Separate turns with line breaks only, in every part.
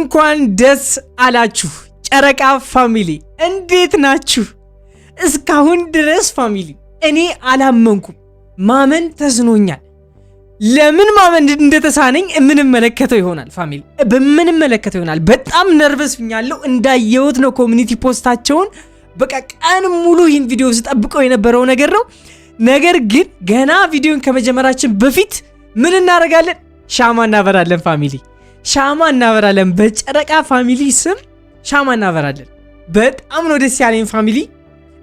እንኳን ደስ አላችሁ ጨረቃ ፋሚሊ፣ እንዴት ናችሁ? እስካሁን ድረስ ፋሚሊ እኔ አላመንኩም፣ ማመን ተስኖኛል። ለምን ማመን እንደተሳነኝ የምንመለከተው ይሆናል ፋሚሊ፣ በምንመለከተው ይሆናል። በጣም ነርቨስ ብኛለሁ። እንዳየሁት ነው ኮሚኒቲ ፖስታቸውን። በቃ ቀን ሙሉ ይህን ቪዲዮ ስጠብቀው የነበረው ነገር ነው። ነገር ግን ገና ቪዲዮን ከመጀመራችን በፊት ምን እናደርጋለን? ሻማ እናበራለን ፋሚሊ ሻማ እናበራለን። በጨረቃ ፋሚሊ ስም ሻማ እናበራለን። በጣም ነው ደስ ያለኝ ፋሚሊ።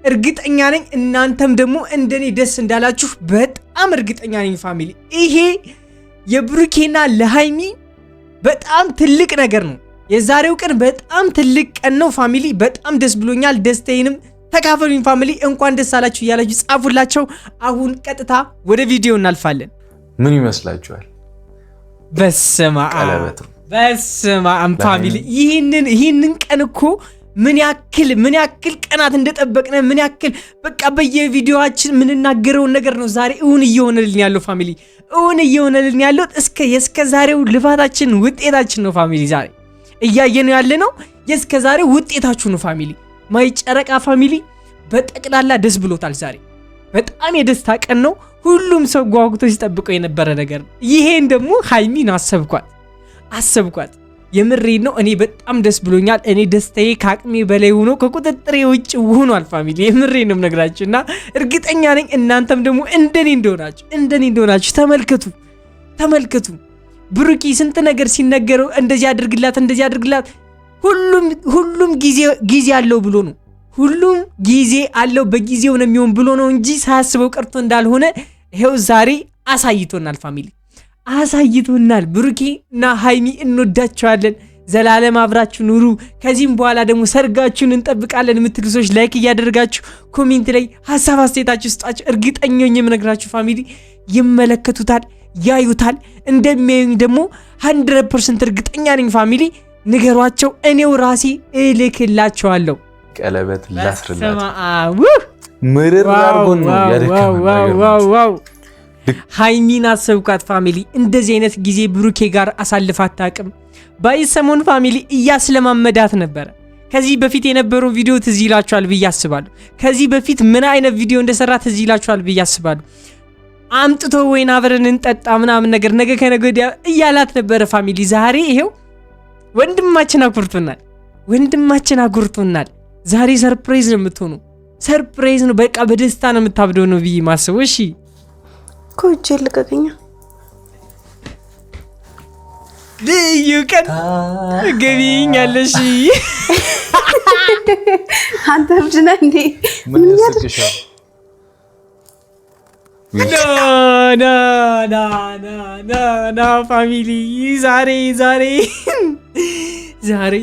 እርግጠኛ ነኝ እናንተም ደግሞ እንደኔ ደስ እንዳላችሁ በጣም እርግጠኛ ነኝ ፋሚሊ። ይሄ የብሩኬና ለሃይሚ በጣም ትልቅ ነገር ነው። የዛሬው ቀን በጣም ትልቅ ቀን ነው ፋሚሊ። በጣም ደስ ብሎኛል። ደስተይንም ተካፈሉኝ ፋሚሊ። እንኳን ደስ አላችሁ እያላችሁ ጻፉላቸው። አሁን ቀጥታ ወደ ቪዲዮ እናልፋለን።
ምን ይመስላችኋል? በስመ ቀለበት ነው
በስመ አብ ፋሚሊ ይህንን ይህንን ቀን እኮ ምን ያክል ምን ያክል ቀናት እንደጠበቅነ ምን ያክል በቃ በየቪዲዮችን የምንናገረውን ነገር ነው ዛሬ እውን እየሆነልን ያለው ፋሚሊ እውን እየሆነልን ያለው እስከ የእስከ ዛሬው ልፋታችን ውጤታችን ነው ፋሚሊ ዛሬ እያየነው ያለ ነው የእስከ ዛሬው ውጤታችሁ ነው ፋሚሊ ማይ ጨረቃ ፋሚሊ በጠቅላላ ደስ ብሎታል ዛሬ በጣም የደስታ ቀን ነው ሁሉም ሰው ጓጉቶ ሲጠብቀው የነበረ ነገር ይሄን ደግሞ ሀይሚን አሰብኳል አሰብኳት። የምሬ ነው። እኔ በጣም ደስ ብሎኛል። እኔ ደስታዬ ከአቅሜ በላይ ሆኖ ከቁጥጥሬ ውጭ ሆኗል። ፋሚሊ የምሬ ነው ነግራችሁ እና እርግጠኛ ነኝ እናንተም ደግሞ እንደኔ እንደሆናችሁ እንደኔ እንደሆናችሁ ተመልከቱ፣ ተመልከቱ ብሩኪ ስንት ነገር ሲነገረው እንደዚህ አድርግላት፣ እንደዚህ አድርግላት ሁሉም ሁሉም ጊዜ ጊዜ አለው ብሎ ነው ሁሉም ጊዜ አለው በጊዜው ነው የሚሆን ብሎ ነው እንጂ ሳያስበው ቀርቶ እንዳልሆነ ይኸው ዛሬ አሳይቶናል ፋሚሊ አሳይቶናል። ብሩኬ እና ሀይሚ እንወዳቸዋለን። ዘላለም አብራችሁ ኑሩ። ከዚህም በኋላ ደግሞ ሰርጋችሁን እንጠብቃለን የምትሉ ሰዎች ላይክ እያደረጋችሁ ኮሜንት ላይ ሀሳብ አስተያየታችሁ ስጣችሁ። እርግጠኛ የምነግራችሁ ፋሚሊ ይመለከቱታል፣ ያዩታል። እንደሚያዩኝ ደግሞ 100 ፐርሰንት እርግጠኛ ነኝ። ፋሚሊ ንገሯቸው፣ እኔው ራሴ እልክላቸዋለሁ። ቀለበት ላስርላት
ምርር አርጎን
ነው ሀይሚና አሰብኳት ፋሚሊ እንደዚህ አይነት ጊዜ ብሩኬ ጋር አሳልፋ አታውቅም። ሰሞን ፋሚሊ እያስለማመዳት ነበረ። ከዚህ በፊት የነበረው ቪዲዮ ትዝ ይላችኋል ብዬ አስባለሁ። ከዚህ በፊት ምን አይነት ቪዲዮ እንደሰራ ትዝ ይላችኋል ብዬ አስባለሁ። አምጥቶ ወይን አብረን እንጠጣ ምናምን ነገር ነገ ከነገ ወዲያ እያላት ነበረ ፋሚሊ። ዛሬ ይሄው ወንድማችን አኩርቶናል፣ ወንድማችን አኩርቶናል። ዛሬ ሰርፕራይዝ ነው የምትሆኑ ሰርፕራይዝ ነው በቃ በደስታ ነው የምታብደው ነው ብዬ ማስበው። እሺ
ከእጄ ልቀቀኛ።
ልዩ ቀን ገቢኛለሽ።
አንተ እብድ ነህ እንዴ?
ና ፋሚሊ ዛሬ ዛሬ ዛሬ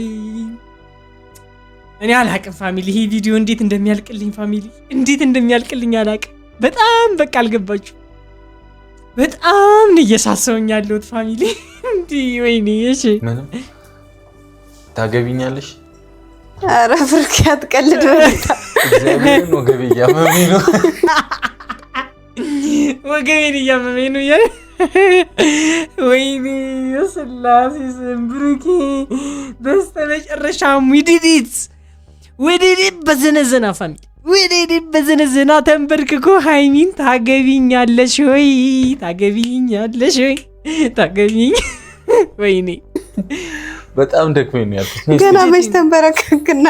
እኔ አላቅም ፋሚሊ፣ ይህ ቪዲዮ እንዴት እንደሚያልቅልኝ ፋሚሊ፣ እንዴት እንደሚያልቅልኝ አላቅም። በጣም በቃ አልገባችሁ በጣም ነው እየሳሰውኝ ያለሁት ፋሚሊ። እንዲ ወይኔ። እሺ
ታገቢኛለሽ?
ኧረ ብሩክ አትቀልድ። በታ
እግዚአብሔር ነው እያመመኝ ነው
ወገቤን እያመመኝ ነው እያለ ወይኔ የስላሴ ስም ብሩኬ፣ መጨረሻ ውድድት ውድድት በዘነዘና ፋሚሊ ወዴዴን በዝንዝና ተንበርክኮ ሀይሚን ታገቢኛለሽ ወይ ታገቢኛለሽ ወይ ታገቢኝ ወይኔ
በጣም ደክሞኝ ነው ያልኩት።
ገና መች ተንበረከክና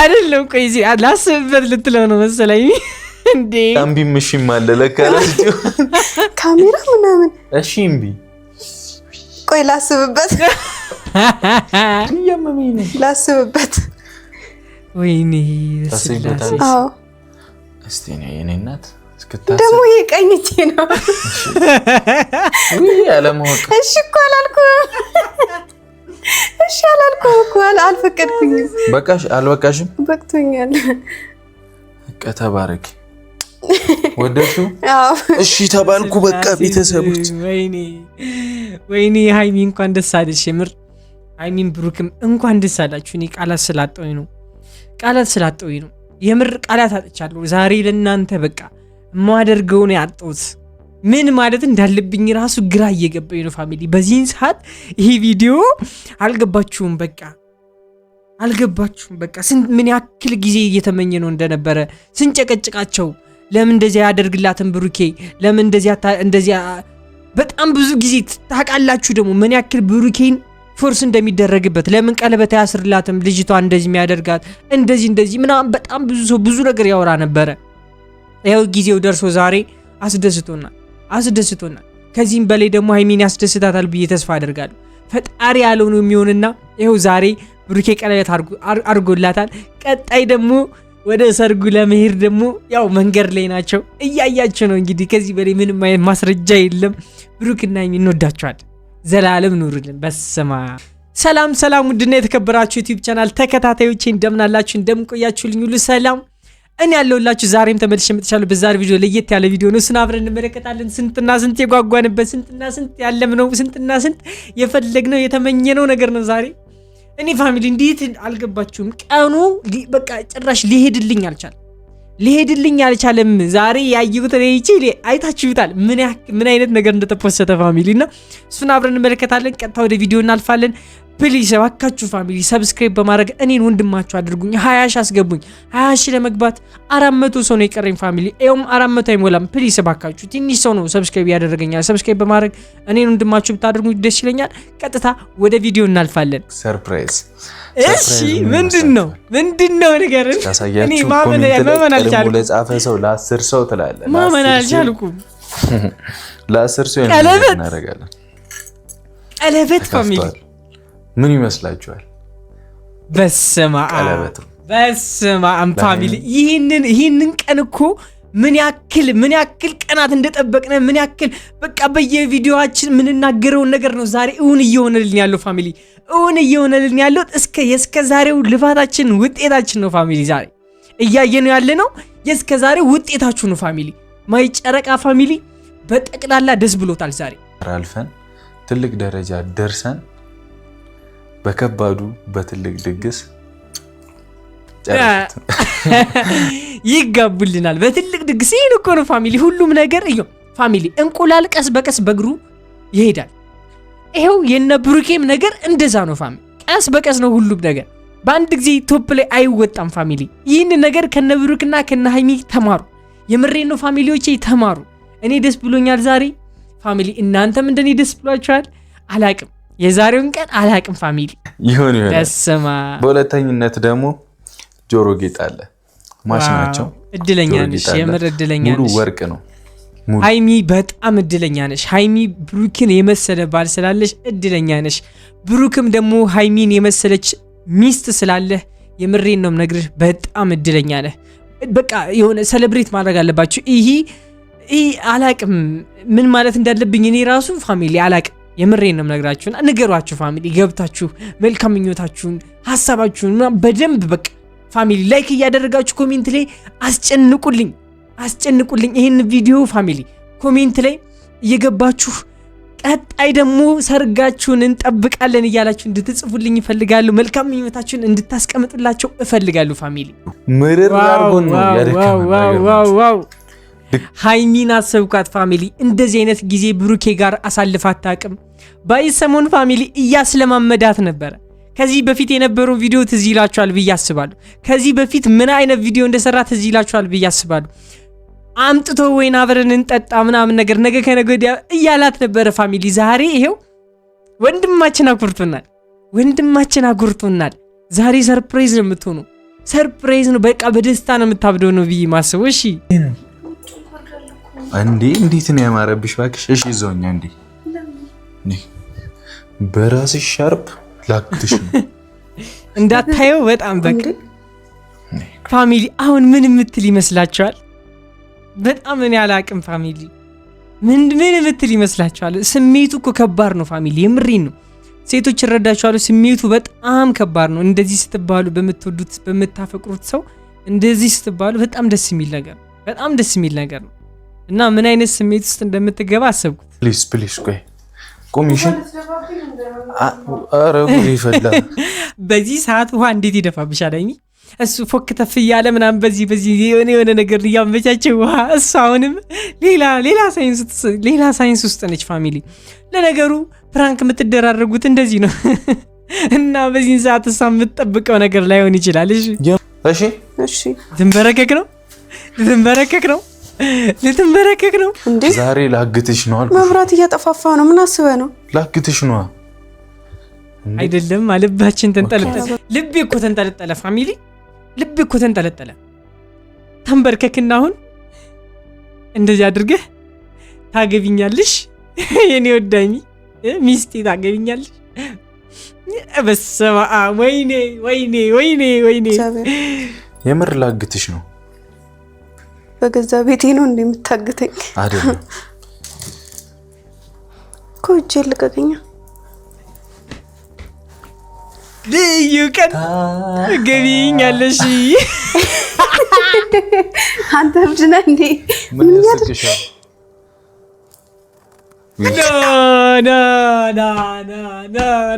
አይደለም። ቆይ እዚህ ላስብበት ልትለው ነው መሰለኝ። እንዴ
እምቢ ምሽ አለ ለካ
ካሜራ ምናምን። እሺ እምቢ ቆይ ላስብበት፣ ላስብበት
ወይኔ
እስቲ የኔ እናት
ደግሞ ይሄ ቀኝ እጄ ነው እሺ እኮ አላልኩም፣ እሺ አላልኩም እኮ አልፈቀድኩኝም።
በቃሽ፣ አልበቃሽም?
በቅቶኛል።
በቃ እሺ ተባልኩ። በቃ ቤተሰቦች፣
ወይኔ ሀይሚ እንኳን ደስ አለሽ። የምር ሀይሚን ብሩክም እንኳን ደስ አላችሁ። እኔ ቃላት ስላጣኝ ነው ቃላት ስላጠው ነው። የምር ቃላት አጥቻለሁ። ዛሬ ለእናንተ በቃ የማደርገውን ያጠውት ምን ማለት እንዳለብኝ ራሱ ግራ እየገባኝ ነው። ፋሚሊ በዚህን ሰዓት ይሄ ቪዲዮ አልገባችሁም? በቃ አልገባችሁም? በቃ ምን ያክል ጊዜ እየተመኘ ነው እንደነበረ ስንጨቀጭቃቸው፣ ለምን እንደዚያ ያደርግላትን ብሩኬ፣ ለምን እንደዚያ እንደዚያ በጣም ብዙ ጊዜ ታውቃላችሁ። ደግሞ ምን ያክል ብሩኬን ፎርስ እንደሚደረግበት ለምን ቀለበት አያስርላትም ልጅቷ እንደዚህ የሚያደርጋት እንደዚህ እንደዚህ ምናምን በጣም ብዙ ሰው ብዙ ነገር ያወራ ነበረ። ያው ጊዜው ደርሶ ዛሬ አስደስቶናል አስደስቶናል። ከዚህም በላይ ደግሞ ሀይሚን ያስደስታታል ብዬ ተስፋ አደርጋለሁ። ፈጣሪ ያለው የሚሆንና ይኸው ዛሬ ብሩኬ ቀለበት አድርጎላታል። ቀጣይ ደግሞ ወደ ሰርጉ ለመሄድ ደግሞ ያው መንገድ ላይ ናቸው። እያያቸው ነው እንግዲህ ከዚህ በላይ ምንም አይነት ማስረጃ የለም። ብሩክና ሀይሚ እንወዳቸዋል። ዘላለም ኑርልን። በስማ ሰላም ሰላም፣ ውድና የተከበራችሁ ዩቲዩብ ቻናል ተከታታዮች እንደምናላችሁ፣ እንደምንቆያችሁልኝ ሁሉ ሰላም እኔ ያለሁላችሁ ዛሬም ተመልሼ መጥቻለሁ። በዛሬ ቪዲዮ ለየት ያለ ቪዲዮ ነው። እሱን አብረን እንመለከታለን። ስንትና ስንት የጓጓንበት ስንትና ስንት ያለምነው ስንትና ስንት የፈለግነው የተመኘነው ነገር ነው ዛሬ። እኔ ፋሚሊ እንዴት አልገባችሁም? ቀኑ በቃ ጭራሽ ሊሄድልኝ አልቻል ሊሄድልኝ አልቻለም። ዛሬ ያየሁት ይቺ አይታችሁታል፣ ምን አይነት ነገር እንደተፖሰተ ፋሚሊ እና እሱን አብረን እንመለከታለን። ቀጥታ ወደ ቪዲዮ እናልፋለን። ፕሊዝ እባካችሁ ፋሚሊ ሰብስክራይብ በማድረግ እኔን ወንድማችሁ አድርጉኝ። ሀያ ሺ አስገቡኝ። ሀያ ሺ ለመግባት አራት መቶ ሰው ነው የቀረኝ ፋሚሊ፣ ይኸውም አራት መቶ አይሞላም። ፕሊዝ እባካችሁ ትንሽ ሰው ነው ሰብስክራይብ ያደረገኛል። ሰብስክራይብ በማድረግ እኔን ወንድማችሁ ብታደርጉኝ ደስ ይለኛል። ቀጥታ ወደ ቪዲዮ እናልፋለን። ሰርፕራይዝ። እሺ ምንድን ነው ምንድን ነው ንገረን።
ማመን አልቻልኩም። ለጻፈ ሰው ለአስር ሰው ትላለህ።
ማመን አልቻልኩም። ለአስር ሰው እናደርጋለን ቀለበት ፋሚሊ
ምን ይመስላችኋል? በስመ አብ
በስመ አብ ፋሚሊ፣ ይህንን ይህንን ቀን እኮ ምን ያክል ምን ያክል ቀናት እንደጠበቅነ ምን ያክል በቃ በየቪዲዮችን የምንናገረውን ነገር ነው ዛሬ እውን እየሆነልን ያለው ፋሚሊ፣ እውን እየሆነልን ያለው እስከ የእስከ ዛሬው ልፋታችን ውጤታችን ነው ፋሚሊ። ዛሬ እያየ ነው ያለ ነው የእስከ ዛሬው ውጤታችሁ ነው ፋሚሊ። ማይ ጨረቃ ፋሚሊ በጠቅላላ ደስ ብሎታል ዛሬ
አልፈን ትልቅ ደረጃ ደርሰን በከባዱ በትልቅ ድግስ
ይጋቡልናል። በትልቅ ድግስ ይህን እኮ ነው ፋሚሊ፣ ሁሉም ነገር እዮ ፋሚሊ። እንቁላል ቀስ በቀስ በእግሩ ይሄዳል። ይኸው የነ ብሩኬም ነገር እንደዛ ነው ፋሚሊ፣ ቀስ በቀስ ነው ሁሉም ነገር። በአንድ ጊዜ ቶፕ ላይ አይወጣም ፋሚሊ። ይህን ነገር ከነ ብሩክና ከነ ሀይሚ ተማሩ። የምሬ ነው ፋሚሊዎቼ፣ ተማሩ። እኔ ደስ ብሎኛል ዛሬ ፋሚሊ። እናንተም እንደኔ ደስ ብሏችኋል? አላቅም የዛሬውን ቀን አላቅም ፋሚሊ ይሁን ይሁን።
በሁለተኝነት ደግሞ ጆሮ ጌጥ አለ። ማሽ ናቸው። እድለኛ ነሽ፣ የምር እድለኛ ነሽ። ሙሉ ወርቅ ነው።
ሀይሚ በጣም እድለኛ ነሽ። ሀይሚ ብሩክን የመሰለ ባል ስላለሽ እድለኛ ነሽ። ብሩክም ደግሞ ሀይሚን የመሰለች ሚስት ስላለህ የምሬን ነው የምነግርህ፣ በጣም እድለኛ ነህ። በቃ የሆነ ሰለብሬት ማድረግ አለባችሁ። ይሄ አላቅም ምን ማለት እንዳለብኝ እኔ ራሱ ፋሚሊ አላቅም የምሬን ነው ንገሯችሁ ፋሚሊ ገብታችሁ መልካም ምኞታችሁን ሀሳባችሁን በደንብ በቃ ፋሚሊ ላይክ እያደረጋችሁ ኮሜንት ላይ አስጨንቁልኝ አስጨንቁልኝ ይህን ቪዲዮ ፋሚሊ ኮሜንት ላይ እየገባችሁ ቀጣይ ደግሞ ሰርጋችሁን እንጠብቃለን እያላችሁ እንድትጽፉልኝ ይፈልጋሉ። መልካም ምኞታችሁን እንድታስቀምጡላቸው እፈልጋሉ ፋሚሊ
ምርር አርጎን
ነው ሀይሚን አሰብኳት ፋሚሊ እንደዚህ አይነት ጊዜ ብሩኬ ጋር አሳልፋት አቅም ባይ ሰሞን ፋሚሊ እያስለማመዳት ነበረ። ከዚህ በፊት የነበረው ቪዲዮ ትዝ ይላችኋል ብዬ አስባለሁ። ከዚህ በፊት ምን አይነት ቪዲዮ እንደሰራ ትዝ ይላችኋል ብዬ አስባለሁ። አምጥቶ ወይን አብረን እንጠጣ ምናምን ነገር ነገ ከነገ ወዲያ እያላት ነበረ ፋሚሊ። ዛሬ ይሄው ወንድማችን አጉርቶናል ወንድማችን አኩርቶናል። ዛሬ ሰርፕራይዝ ነው የምትሆኑ ሰርፕራይዝ ነው በቃ በደስታ ነው የምታብደው ነው ብዬ ማስበው። እሺ
እንዴ እንዴት ነው ያማረብሽ! እባክሽ እሺ፣ ይዘውኛ እንዴ በራስሽ ሻርፕ ላክትሽ
እንዳታየው በጣም በቃ ፋሚሊ አሁን ምን የምትል ይመስላችኋል? በጣም እኔ አላቅም። ፋሚሊ ምን ምን የምትል ይመስላችኋል? ስሜቱ እኮ ከባድ ነው ፋሚሊ፣ የምሬን ነው። ሴቶች እረዳችኋለሁ፣ ስሜቱ በጣም ከባድ ነው። እንደዚህ ስትባሉ በምትወዱት በምታፈቅሩት ሰው እንደዚህ ስትባሉ በጣም ደስ የሚል ነገር በጣም ደስ የሚል ነገር ነው። እና ምን አይነት ስሜት ውስጥ እንደምትገባ አሰብኩት።
ፕሊዝ ፕሊዝ፣ ቆይ ቆሚሽን። ኧረ ጉድ ይፈላ።
በዚህ ሰዓት ውሃ እንዴት ይደፋብሻል? አይሚ እሱ ፎክ ተፍ እያለ ምናምን በዚህ በዚህ የሆነ የሆነ ነገር እያመቻቸው ውሃ እሱ አሁንም ሌላ ሌላ ሳይንስ ውስጥ ነች። ፋሚሊ ለነገሩ ፕራንክ የምትደራረጉት እንደዚህ ነው እና በዚህን ሰዓት እሷ የምትጠብቀው ነገር ላይሆን ይችላል።
እሺ
እሺ፣ ልትንበረከክ ነው፣ ልትንበረከክ ነው ልትንበረከክ ነው
እንዴ? ዛሬ ላግትሽ ነው
አልኩሽ። መብራት እያጠፋፋ ነው። ምን አስበህ ነው?
ላግትሽ ነዋ።
አይደለም ልባችን ተንጠለጠለ። ልቤ እኮ ተንጠለጠለ። ፋሚሊ ልቤ እኮ ተንጠለጠለ። ተንበርከክና አሁን እንደዚህ አድርገህ ታገቢኛለሽ፣ የኔ ወዳኝ ሚስቴ ታገቢኛለሽ። በስመ አብ! ወይኔ ወይኔ ወይኔ ወይኔ!
የምር ላግትሽ ነው
በገዛ ቤቴ ነው እንደምታግተኝ አይደለም እኮ። እጄ ልቀቀኛ።
ልዩ ቀን ገቢኛለሽ።
አንተ እብድ ነህ እንዴ?
ምን ያደርግሽ?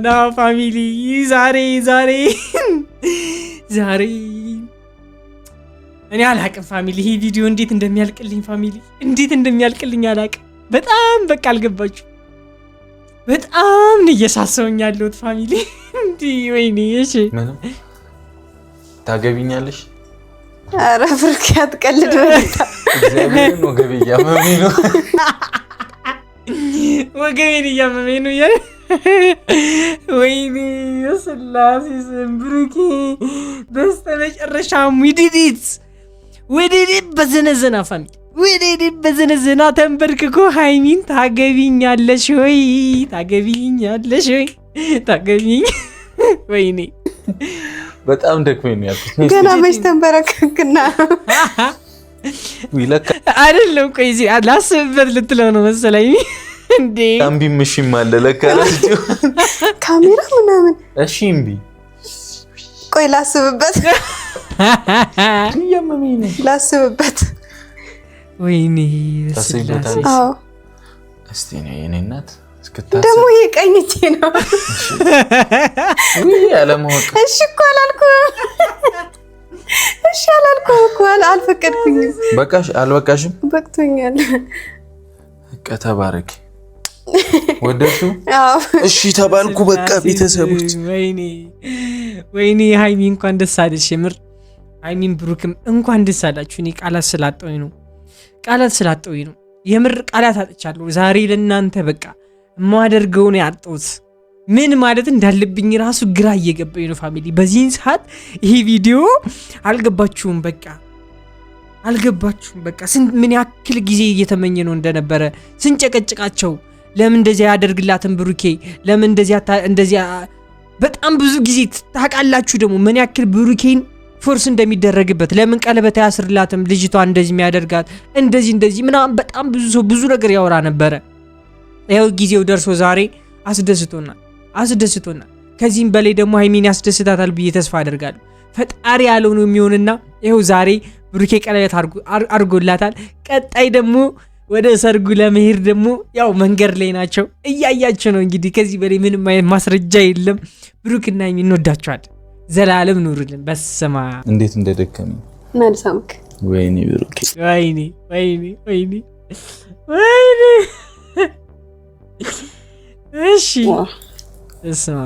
ና ፋሚሊ ዛሬ ዛሬ ዛሬ እኔ አላቅም ፋሚሊ፣ ይሄ ቪዲዮ እንዴት እንደሚያልቅልኝ ፋሚሊ፣ እንዴት እንደሚያልቅልኝ አላቅም። በጣም በቃ አልገባችሁ። በጣም እየሳሰውኝ ያለሁት ፋሚሊ። እንዲ ወይኔ። እሺ
ታገቢኛለሽ?
ኧረ ፍርክ ያትቀልድ
ወገቤ እያመመኝ ነው፣
ወገቤን እያመመኝ ነው እያለ ወይኔ የስላሴ ስም ብሩኬ መጨረሻ ሚድዲት ወደኔ በዘነዘና ፋሚሊ ወደኔ በዘነዘና ተንበርክኮ ሀይሚን ታገቢኛለሽ ወይ? ታገቢኛለሽ ወይ? ታገቢኝ ወይኔ
በጣም ደክሜ ነው
ያልኩት። ገና መች ተንበረከክና
አይደለም። ቆይ እዚህ ላስብበት ልትለው ነው መሰለኝ።
እንዴ እምቢ ምሽም አለ ለካ
ካሜራ ምናምን እሺ እምቢ ቆይ ላስብበት፣ ላስብበት። ወይኔ ደግሞ ይሄ ቀኝ እጄ ነው። እሺ እኮ አላልኩም፣ እሺ አላልኩም እኮ አልፈቀድኩኝም።
በቃሽ፣ አልበቃሽም?
በቅቶኛል።
ተባረኪ ወደድሽው? እሺ ተባልኩ። በቃ ቤተሰቦች፣
ወይኔ ሀይሚ እንኳን ደስ አለሽ። የምር ሀይሚን ብሩክም እንኳን ደስ አላችሁ። እኔ ቃላት ስላጠውኝ ነው፣ ቃላት ስላጠውኝ ነው። የምር ቃላት አጥቻለሁ ዛሬ ለእናንተ በቃ የማደርገውን ያጠውት ምን ማለት እንዳለብኝ ራሱ ግራ እየገባኝ ነው። ፋሚሊ በዚህን ሰዓት ይሄ ቪዲዮ አልገባችሁም? በቃ አልገባችሁም? በቃ ምን ያክል ጊዜ እየተመኘ ነው እንደነበረ ስንጨቀጭቃቸው ለምን እንደዚያ ያደርግላትን ብሩኬ ለምን እንደዚያ እንደዚያ በጣም ብዙ ጊዜ ታውቃላችሁ ደግሞ ምን ያክል ብሩኬን ፎርስ እንደሚደረግበት ለምን ቀለበት አያስርላትም ልጅቷ እንደዚህ የሚያደርጋት እንደዚህ እንደዚህ ምናምን በጣም ብዙ ሰው ብዙ ነገር ያወራ ነበረ። ያው ጊዜው ደርሶ ዛሬ አስደስቶናል አስደስቶናል። ከዚህም በላይ ደግሞ ሀይሚን ያስደስታታል ብዬ ተስፋ አደርጋለሁ። ፈጣሪ ያለው ነው የሚሆንና ይኸው ዛሬ ብሩኬ ቀለበት አድርጎላታል። ቀጣይ ደግሞ ወደ ሰርጉ ለመሄድ ደግሞ ያው መንገድ ላይ ናቸው። እያያቸው ነው እንግዲህ። ከዚህ በላይ ምንም አይነት ማስረጃ የለም። ብሩክና ሀይሚ እንወዳቸዋል። ዘላለም ኑሩልን። በስማ
እንዴት እንደደከመኝ መልሳምክ። ወይኔ ብሩክ፣
ወይኔ ወይኔ ወይኔ ወይኔ። እሺ እስማ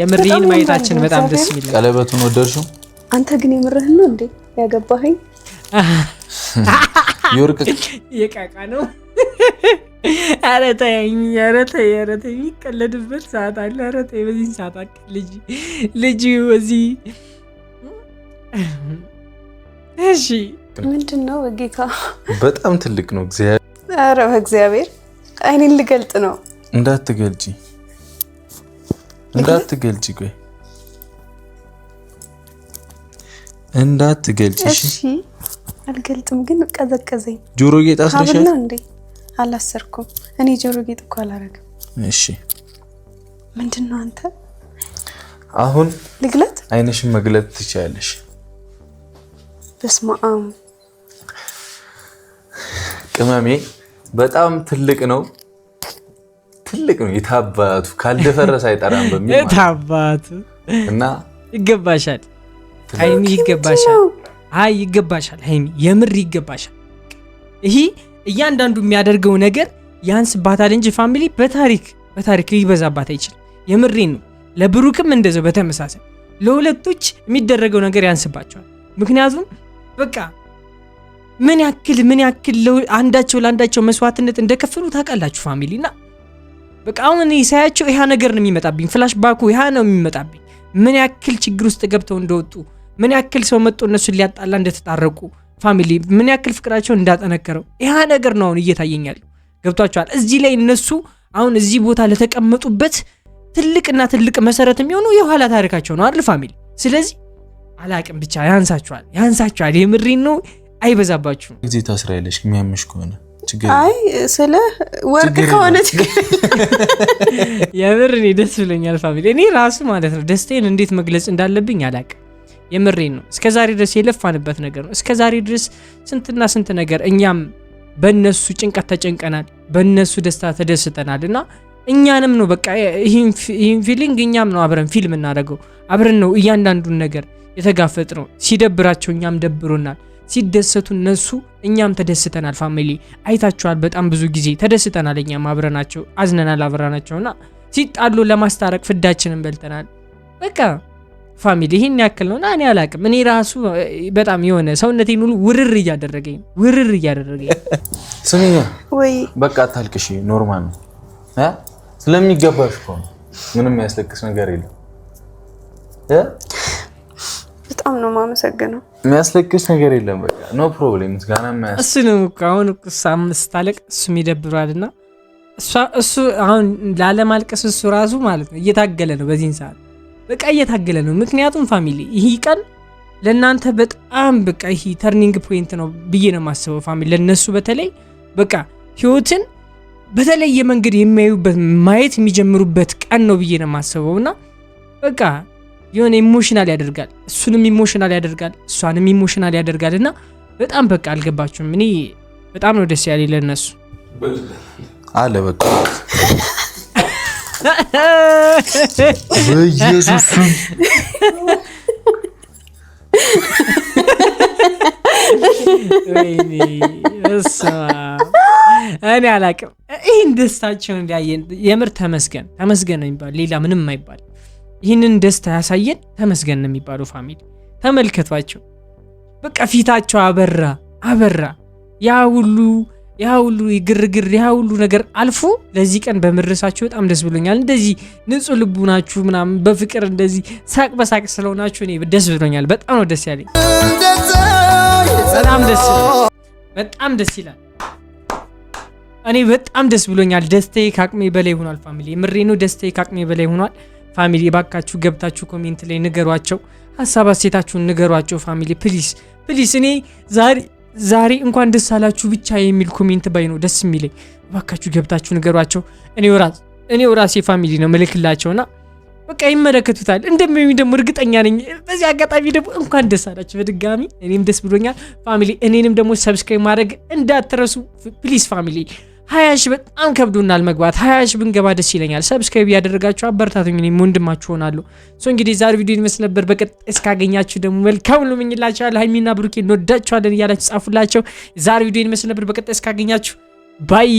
የምሬን ማየታችን በጣም ደስ የሚል።
ቀለበቱን ወደድሽው
አንተ? ግን የምርህን ነው እንዴ ያገባኸኝ?
የወርቅ
የቃቃ ነው። ኧረ ተይኝ፣ ኧረ ተይ፣ ኧረ ተይ። የሚቀለድበት ሰዓት አለ። ኧረ ተይ፣ በዚህ ሰዓት አቅ ልጅ ልጅ በዚህ እሺ፣
ምንድን ነው በጌታ
በጣም ትልቅ ነው እግዚአብሔር።
ኧረ በእግዚአብሔር አይኔን ልገልጥ ነው።
እንዳትገልጪ፣ እንዳትገልጪ፣ ቆይ እንዳትገልጪ።
እሺ አልገልጥም፣ ግን ቀዘቀዘኝ። ጆሮ ጌጥ አስረሻል እንዴ? አላሰርኩም። እኔ ጆሮ ጌጥ እኮ አላረግም። እሺ፣ ምንድን ነው አንተ? አሁን ልግለጥ?
አይንሽን መግለጥ ትችያለሽ።
በስመ አብ
ቅመሜ በጣም ትልቅ ነው። ትልቅ ነው። የታባቱ ካልደፈረሰ አይጠራም
በሚል የታባቱ እና ይገባሻል፣ ይገባሻል አይኒ አይ ይገባሻል ሀይሚ፣ የምር ይገባሻል። ይሄ እያንዳንዱ የሚያደርገው ነገር ያንስባታል እንጂ ፋሚሊ በታሪክ በታሪክ ሊበዛባት አይችልም። የምሬን ነው። ለብሩክም እንደዚያው በተመሳሳይ ለሁለቶች የሚደረገው ነገር ያንስባቸዋል። ምክንያቱም በቃ ምን ያክል ምን ያክል አንዳቸው ለአንዳቸው መስዋዕትነት እንደከፈሉ ታውቃላችሁ ፋሚሊ ና በቃ አሁን እኔ ሳያቸው ይሃ ነገር ነው የሚመጣብኝ፣ ፍላሽ ባኩ ይሃ ነው የሚመጣብኝ፣ ምን ያክል ችግር ውስጥ ገብተው እንደወጡ ምን ያክል ሰው መጥቶ እነሱን ሊያጣላ እንደተጣረቁ ፋሚሊ ምን ያክል ፍቅራቸውን እንዳጠነከረው ያ ነገር ነው አሁን እየታየኛል። ገብቷቸዋል። እዚህ ላይ እነሱ አሁን እዚህ ቦታ ለተቀመጡበት ትልቅና ትልቅ መሰረት የሚሆኑ የኋላ ታሪካቸው ነው አይደል ፋሚሊ። ስለዚህ አላቅም ብቻ ያንሳቸዋል፣ ያንሳቸዋል። የምሪን ነው። አይበዛባችሁም።
ጊዜ የሚያምሽ ከሆነ
አይ ስለ ወርቅ ከሆነ
የምር እኔ ደስ ብለኛል ፋሚሊ። እኔ ራሱ ማለት ነው ደስታዬን እንዴት መግለጽ እንዳለብኝ አላቅም። የምሬን ነው። እስከ ዛሬ ድረስ የለፋንበት ነገር ነው። እስከ ዛሬ ድረስ ስንትና ስንት ነገር እኛም በእነሱ ጭንቀት ተጨንቀናል፣ በእነሱ ደስታ ተደስተናል። እና እኛንም ነው በቃ ይህን ፊሊንግ እኛም ነው አብረን ፊልም እናደርገው አብረን ነው እያንዳንዱን ነገር የተጋፈጥ ነው። ሲደብራቸው እኛም ደብሮናል፣ ሲደሰቱ እነሱ እኛም ተደስተናል። ፋሚሊ አይታችኋል፣ በጣም ብዙ ጊዜ ተደስተናል። እኛም አብረናቸው አዝነናል፣ አብረናቸውና ሲጣሉ ለማስታረቅ ፍዳችንን በልተናል። በቃ ፋሚሊ ይህን ያክል እና እኔ አላቅም። እኔ ራሱ በጣም የሆነ ሰውነቴን ሁሉ ውርር እያደረገኝ ውርር እያደረገኝ።
ወይ
በቃ አታልቅሽ፣ ኖርማል ነው ስለሚገባሽ እኮ ነው። ምንም ያስለቅስ ነገር የለም።
በጣም ነው የማመሰግነው።
የሚያስለቅስ ነገር የለም። በቃ ኖ ፕሮብሌም። ምስጋና
እሱ ነው እኮ አሁን ስታለቅ እሱም ይደብራል እና እሱ አሁን ላለማልቀስ እሱ ራሱ ማለት ነው እየታገለ ነው በዚህን ሰዓት በቃ እየታገለ ነው። ምክንያቱም ፋሚሊ ይህ ቀን ለእናንተ በጣም በቃ ይህ ተርኒንግ ፖይንት ነው ብዬ ነው የማስበው። ፋሚሊ ለእነሱ በተለይ በቃ ህይወትን በተለየ መንገድ የሚያዩበት ማየት የሚጀምሩበት ቀን ነው ብዬ ነው የማስበው እና በቃ የሆነ ኢሞሽናል ያደርጋል፣ እሱንም ኢሞሽናል ያደርጋል፣ እሷንም ኢሞሽናል ያደርጋል እና በጣም በቃ አልገባችሁም? እኔ በጣም ነው ደስ ያለኝ ለእነሱ
አለ በቃ Uh,
እኔ አላቅም። ይህን ደስታቸውን እንዲያየን የምር ተመስገን ተመስገን ነው ሌላ ምንም አይባል። ይህንን ደስታ ያሳየን ተመስገን ነው የሚባሉ ፋሚሊ ተመልከቷቸው። በቃ ፊታቸው አበራ አበራ ያ ሁሉ ያ ሁሉ ግርግር ያ ሁሉ ነገር አልፎ ለዚህ ቀን በመድረሳችሁ በጣም ደስ ብሎኛል። እንደዚህ ንጹህ ልቡ ናችሁ ምናምን በፍቅር እንደዚህ ሳቅ በሳቅ ስለሆናችሁ እኔ ደስ ብሎኛል። በጣም ነው ደስ ያለኝ። በጣም ደስ በጣም ደስ ይላል። እኔ በጣም ደስ ብሎኛል። ደስታዬ ከአቅሜ በላይ ሆኗል። ፋሚሊ ምሬ ነው። ደስታዬ ከአቅሜ በላይ ሆኗል። ፋሚሊ ባካችሁ ገብታችሁ ኮሜንት ላይ ንገሯቸው፣ ሀሳብ አስተያየታችሁን ንገሯቸው። ፋሚሊ ፕሊስ ፕሊስ እኔ ዛሬ ዛሬ እንኳን ደስ አላችሁ ብቻ የሚል ኮሜንት ባይ ነው ደስ የሚለኝ። እባካችሁ ገብታችሁ ንገሯቸው። እኔው ራሴ ፋሚሊ ነው ምልክላቸውና በቃ ይመለከቱታል። እንደሚሚ ደግሞ እርግጠኛ ነኝ። በዚህ አጋጣሚ ደግሞ እንኳን ደስ አላችሁ በድጋሚ እኔም ደስ ብሎኛል ፋሚሊ። እኔንም ደግሞ ሰብስክራይብ ማድረግ እንዳትረሱ ፕሊስ ፋሚሊ። ሀያ ሺ በጣም ከብዶናል መግባት። ሀያ ሺ ብንገባ ደስ ይለኛል። ሰብስክራይብ እያደረጋችሁ አበረታቱኝ፣ እኔም ወንድማችሁ ሆናለሁ። ሶ እንግዲህ ዛሬ ቪዲዮ ይመስል ነበር። በቀጣይ እስካገኛችሁ ደግሞ መልካም ሁሉ እመኝላችኋለሁ። ሀይሚና ብሩኬ እንወዳችኋለን እያላችሁ ጻፉላቸው። ዛሬ ቪዲዮ ይመስል ነበር። በቀጣይ እስካገኛችሁ ባይ